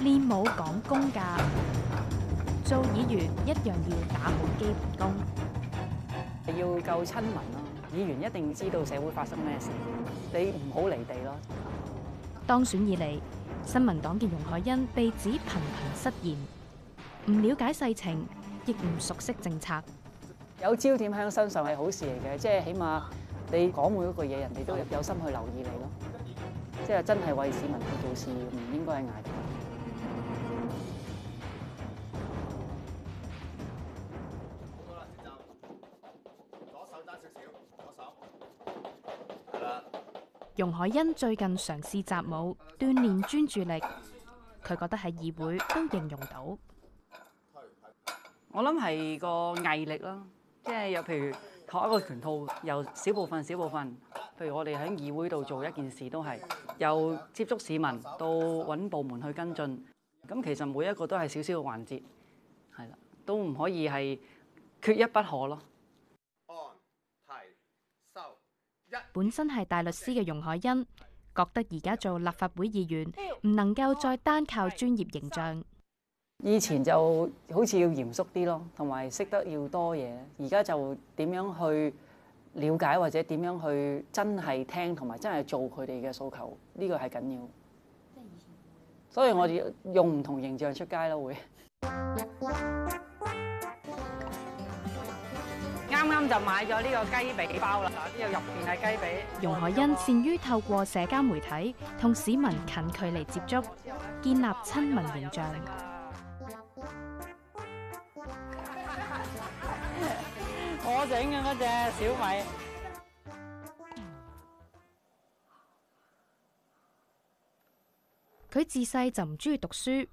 練武講功架，做議員一樣要打好基本功，要夠親民咯。議員一定知道社會發生咩事，你唔好離地咯。當選以嚟，新民黨嘅容海恩被指頻頻失言，唔了解世情，亦唔熟悉政策。有焦點喺身上係好事嚟嘅，即係起碼你講每一句嘢，人哋都有心去留意你咯。即係真係為市民去做事，唔應該係挨。容海恩最近嘗試習武，鍛煉專注力。佢覺得喺議會都應用到。我諗係個毅力咯，即係有譬如學一個拳套，由少部分少部分，譬如我哋喺議會度做一件事都，都係由接觸市民到搵部門去跟進。咁其實每一個都係少少嘅環節，係啦，都唔可以係缺一不可咯。本身係大律師嘅容海恩，覺得而家做立法會議員唔能夠再單靠專業形象。以前就好似要嚴肅啲咯，同埋識得要多嘢。而家就點樣去了解或者點樣去真係聽同埋真係做佢哋嘅訴求，呢個係緊要。所以我哋用唔同形象出街咯，會。啱啱就買咗呢個雞髀包啦！呢個入邊係雞髀。容海恩擅於透過社交媒體同市民近距離接觸，建立親民形象。我整嘅嗰隻小米，佢自細就唔中意讀書，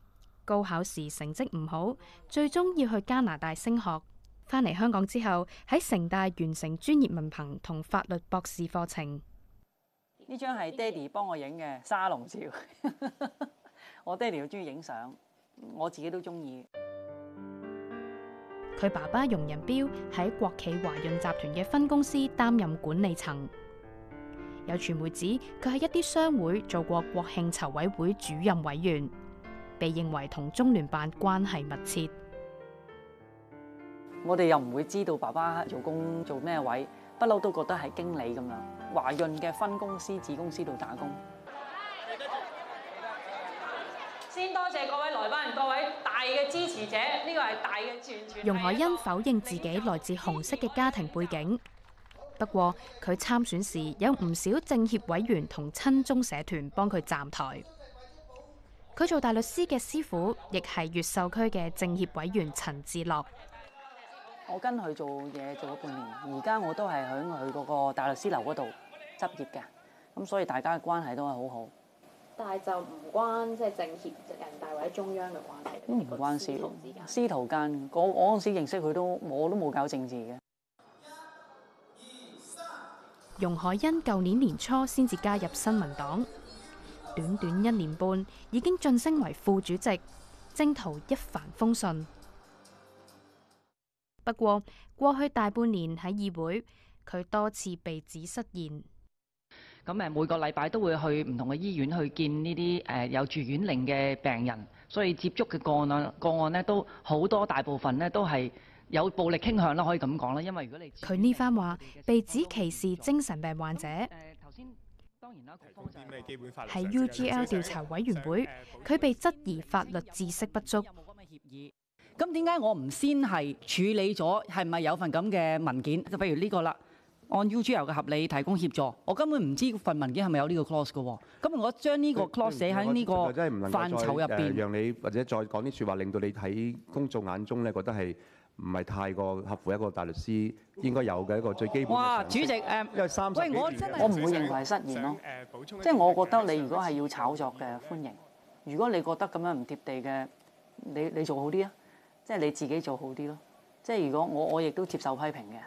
高考時成績唔好，最終要去加拿大升學。返嚟香港之後，喺城大完成專業文憑同法律博士課程。呢張係爹哋幫我影嘅沙龍照。 我爹哋好中意影相，我自己都中意。佢爸爸容仁彪喺國企華潤集團嘅分公司擔任管理層。有傳媒指佢喺一啲商會做過國慶籌委會主任委員，被認為同中聯辦關係密切。我哋又唔會知道爸爸做工做咩位置，不嬲都覺得係經理咁樣華潤嘅分公司、子公司度打工。先多謝各位來賓，各位大嘅支持者，呢、這個係大嘅選舉。容海恩否認自己來自紅色嘅家庭背景，不過佢參選時有唔少政協委員同親中社團幫佢站台。佢做大律師嘅師傅，亦係越秀區嘅政協委員陳志樂。我跟佢做嘢做咗半年，而家我都係喺佢嗰個大律師樓嗰度執業嘅，咁所以大家嘅關係都係好好。但係就唔關，即係政協、人大或者中央嘅關係，都唔關事。師徒間，我我嗰陣時認識佢都，我都冇搞政治嘅。容海恩舊年年初先至加入新民黨，短短一年半已經晉升為副主席，政途一帆風順。不過過去大半年喺議會，佢多次被指失言。咁誒，每個禮拜都會去唔同嘅醫院去見呢啲誒有住院令嘅病人，所以接觸嘅個案啦，個案咧都好多，大部分咧都係有暴力傾向啦，可以咁講啦。因為如果你佢呢番話被指歧視精神病患者，誒，頭先當然啦，佢講就咩基本法係 UGL 調查委員會，佢被質疑法律知識不足。咁點解我唔先係處理咗係咪有份咁嘅文件？就譬如呢個啦，按 UGL 嘅合理提供協助，我根本唔知份文件係咪有呢個 clause 嘅。咁我將呢個 clause 寫喺呢個範疇入邊，讓你或者再講啲説話，令到你喺公眾眼中咧覺得係唔係太過合乎一個大律師應該有嘅一個最基本嘅哇，主席誒，因為三十幾，我我唔會認為係失言咯，即係我覺得你如果係要炒作嘅歡迎，如果你覺得咁樣唔貼地嘅，你你做好啲啊！即係你自己做好啲囉，即係如果我我亦都接受批評嘅。